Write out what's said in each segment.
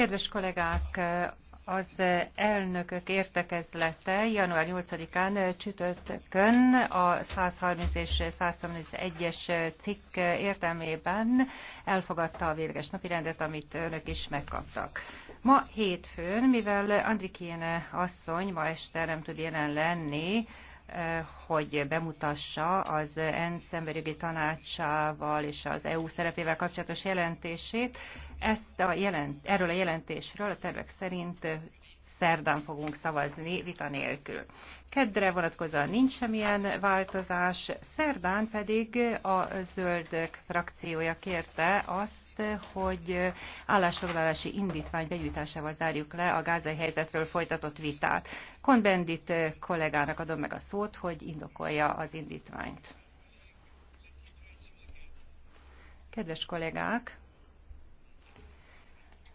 Kedves kollégák, az elnökök értekezlete január 8-án csütörtökön a 130 és 131-es cikk értelmében elfogadta a végleges napirendet, amit önök is megkaptak. Ma hétfőn, mivel Andrikéne asszony ma este nem tud jelen lenni, hogy bemutassa az ENSZ emberjogi tanácsával és az EU szerepével kapcsolatos jelentését. Ezt a jelent, erről a jelentésről a tervek szerint szerdán fogunk szavazni vita nélkül. Keddre vonatkozóan nincs semmilyen változás, szerdán pedig a zöldök frakciója kérte azt, hogy állásfoglalási indítvány begyűjtásával zárjuk le a gázai helyzetről folytatott vitát. Konbendit eh, kollégának adom meg a szót, hogy indokolja az indítványt. Kedves kollégák,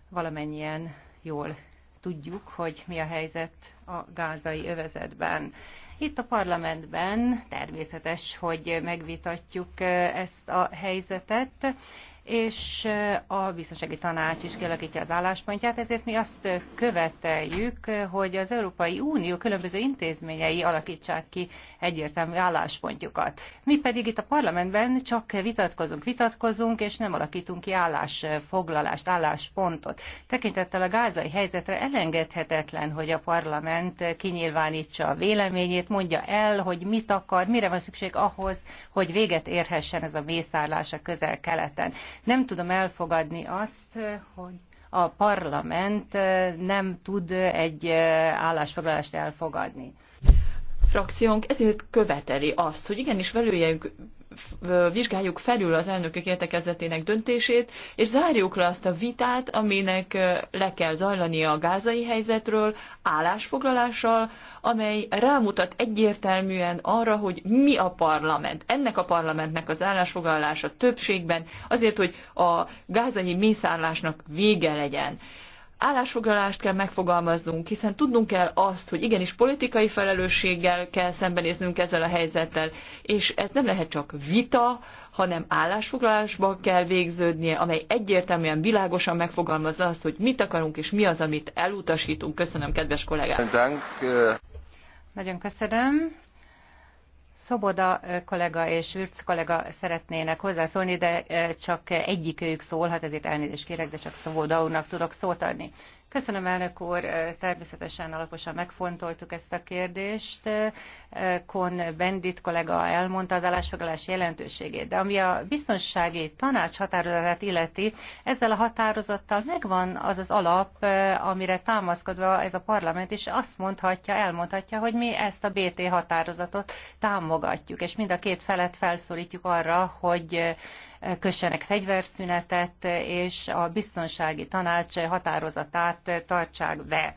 valamennyien jól tudjuk, hogy mi a helyzet a gázai övezetben. Itt a parlamentben természetes, hogy megvitatjuk eh, ezt a helyzetet, és a biztonsági tanács is kialakítja az álláspontját, ezért mi azt követeljük, hogy az Európai Unió különböző intézményei alakítsák ki egyértelmű álláspontjukat. Mi pedig itt a parlamentben csak vitatkozunk, vitatkozunk, és nem alakítunk ki állásfoglalást, álláspontot. Tekintettel a gázai helyzetre elengedhetetlen, hogy a parlament kinyilvánítsa a véleményét, mondja el, hogy mit akar, mire van szükség ahhoz, hogy véget érhessen ez a mészárlás a közel-keleten. Nem tudom elfogadni azt, hogy a parlament nem tud egy állásfoglalást elfogadni. Frakciónk ezért követeli azt, hogy igenis velőjünk vizsgáljuk felül az elnökök értekezetének döntését, és zárjuk le azt a vitát, aminek le kell zajlania a gázai helyzetről, állásfoglalással, amely rámutat egyértelműen arra, hogy mi a parlament. Ennek a parlamentnek az állásfoglalása többségben azért, hogy a gázai mészárlásnak vége legyen állásfoglalást kell megfogalmaznunk, hiszen tudnunk kell azt, hogy igenis politikai felelősséggel kell szembenéznünk ezzel a helyzettel, és ez nem lehet csak vita, hanem állásfoglalásba kell végződnie, amely egyértelműen világosan megfogalmazza azt, hogy mit akarunk és mi az, amit elutasítunk. Köszönöm, kedves kollégák! Nagyon köszönöm. Szoboda kollega és Vürc kollega szeretnének hozzászólni, de csak egyikőjük szólhat, ezért elnézést kérek, de csak Szoboda úrnak tudok szót adni. Köszönöm, elnök úr. Természetesen alaposan megfontoltuk ezt a kérdést. Kon Bendit kollega elmondta az állásfoglalás jelentőségét, de ami a biztonsági tanács határozatát illeti, ezzel a határozattal megvan az az alap, amire támaszkodva ez a parlament is azt mondhatja, elmondhatja, hogy mi ezt a BT határozatot támogatjuk, és mind a két felet felszólítjuk arra, hogy kössenek fegyverszünetet, és a biztonsági tanács határozatát tartsák be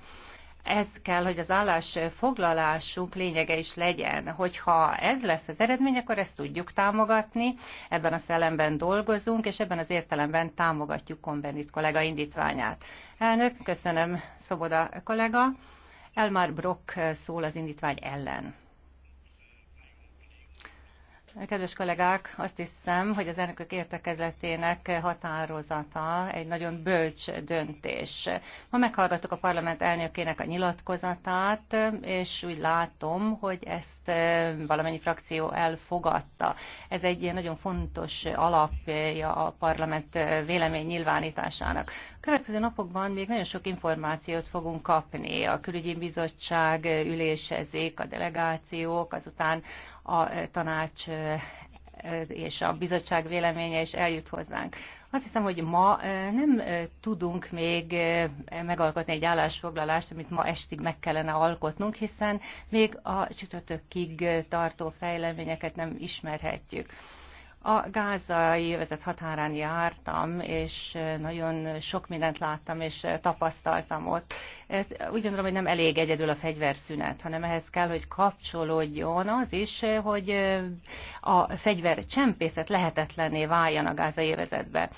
ez kell, hogy az állásfoglalásunk lényege is legyen. Hogyha ez lesz az eredmény, akkor ezt tudjuk támogatni, ebben a szellemben dolgozunk, és ebben az értelemben támogatjuk Konvenit kollega indítványát. Elnök, köszönöm Szoboda kollega. Elmar Brock szól az indítvány ellen. Kedves kollégák, azt hiszem, hogy az elnökök értekezletének határozata egy nagyon bölcs döntés. Ma meghallgattuk a parlament elnökének a nyilatkozatát, és úgy látom, hogy ezt eh, valamennyi frakció elfogadta. Ez egy nagyon fontos alapja a parlament eh, vélemény nyilvánításának következő napokban még nagyon sok információt fogunk kapni. A külügyi bizottság ülésezik, a delegációk, azután a e, tanács e, e, és a bizottság véleménye is eljut hozzánk. Azt hiszem, hogy ma nem tudunk még megalkotni egy állásfoglalást, amit ma estig meg kellene alkotnunk, hiszen még a csütörtökig tartó fejleményeket nem ismerhetjük. A gázai övezet határán jártam, és nagyon sok mindent láttam, és tapasztaltam ott. Úgy gondolom, hogy nem elég egyedül a fegyverszünet, hanem ehhez kell, hogy kapcsolódjon az is, hogy a fegyvercsempészet lehetetlenné váljon a gázai övezetbe.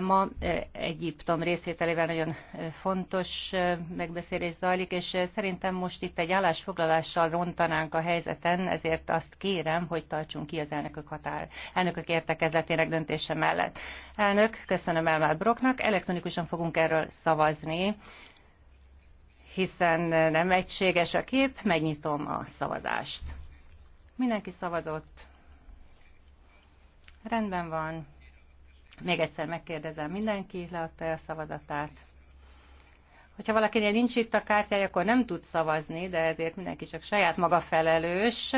Ma eh, Egyiptom részvételével nagyon eh, fontos eh, megbeszélés zajlik, és szerintem most itt egy állásfoglalással rontanánk a helyzeten, ezért azt kérem, hogy tartsunk ki az elnökök határ, elnökök értekezletének döntése mellett. Elnök, köszönöm Elmár Broknak, elektronikusan fogunk erről szavazni, hiszen nem egységes a kép, megnyitom a szavazást. Mindenki szavazott. Rendben van. Még egyszer megkérdezem, mindenki leadta a szavazatát. Hogyha valakinél nincs itt a kártyája, akkor nem tud szavazni, de ezért mindenki csak saját maga felelős.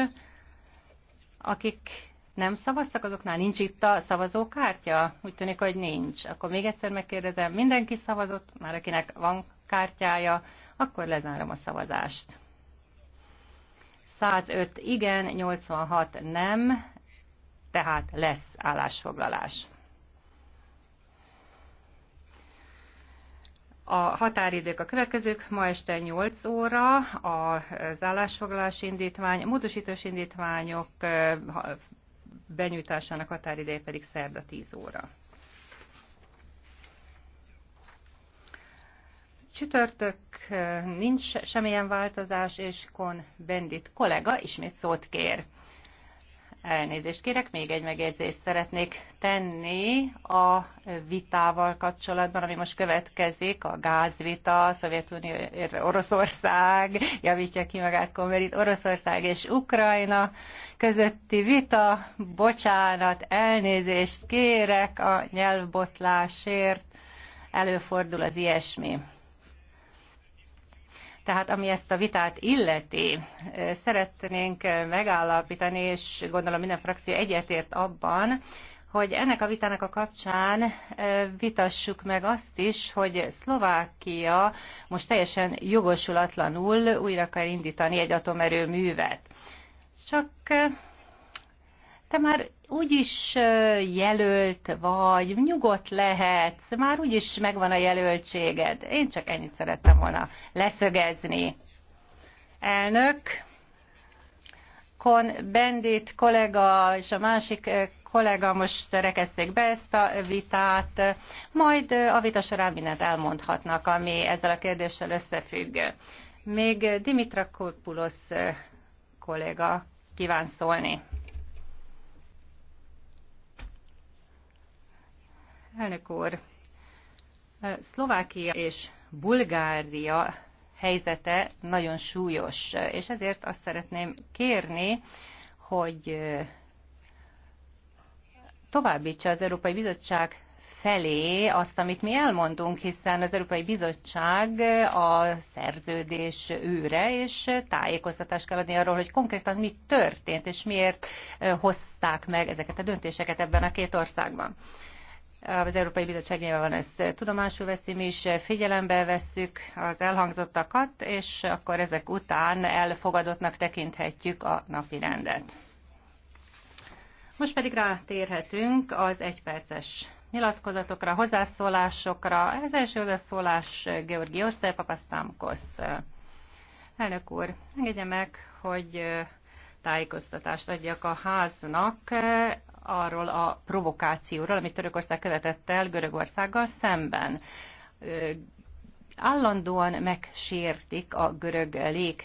Akik nem szavaztak, azoknál nincs itt a szavazókártya? Úgy tűnik, hogy nincs. Akkor még egyszer megkérdezem, mindenki szavazott, már akinek van kártyája, akkor lezárom a szavazást. 105 igen, 86 nem, tehát lesz állásfoglalás. A határidők a következők, ma este 8 óra a zállásfoglalás indítvány, a módosítós indítványok benyújtásának határidője pedig szerda 10 óra. Csütörtök nincs semmilyen változás, és Kon Bendit kollega ismét szót kér. Elnézést kérek, még egy megjegyzést szeretnék tenni a vitával kapcsolatban, ami most következik, a gázvita, Szovjetunió, Oroszország, javítja ki magát konverít, Oroszország és Ukrajna közötti vita, bocsánat, elnézést kérek a nyelvbotlásért, előfordul az ilyesmi. Tehát ami ezt a vitát illeti, szeretnénk megállapítani, és gondolom minden frakció egyetért abban, hogy ennek a vitának a kapcsán vitassuk meg azt is, hogy Szlovákia most teljesen jogosulatlanul újra kell indítani egy atomerőművet. Csak te már úgyis jelölt vagy, nyugodt lehetsz, már úgyis megvan a jelöltséged. Én csak ennyit szerettem volna leszögezni. Elnök, Kon Bendit kollega és a másik kollega most rekezték be ezt a vitát, majd a vita során mindent elmondhatnak, ami ezzel a kérdéssel összefügg. Még Dimitra Kulpulosz kolléga kíván szólni. Elnök úr, Szlovákia és Bulgária helyzete nagyon súlyos, és ezért azt szeretném kérni, hogy továbbítsa az Európai Bizottság felé azt, amit mi elmondunk, hiszen az Európai Bizottság a szerződés őre, és tájékoztatást kell adni arról, hogy konkrétan mi történt, és miért hozták meg ezeket a döntéseket ebben a két országban. Az Európai Bizottság nyilván van ezt tudomásul veszi, mi is figyelembe vesszük az elhangzottakat, és akkor ezek után elfogadottnak tekinthetjük a napi rendet. Most pedig rátérhetünk az egyperces nyilatkozatokra, hozzászólásokra. Az első hozzászólás Georgi Oszely Papasztámkosz. Elnök úr, engedje meg, hogy tájékoztatást adjak a háznak arról a provokációról, amit Törökország követett el Görögországgal szemben. Állandóan megsértik a görög lég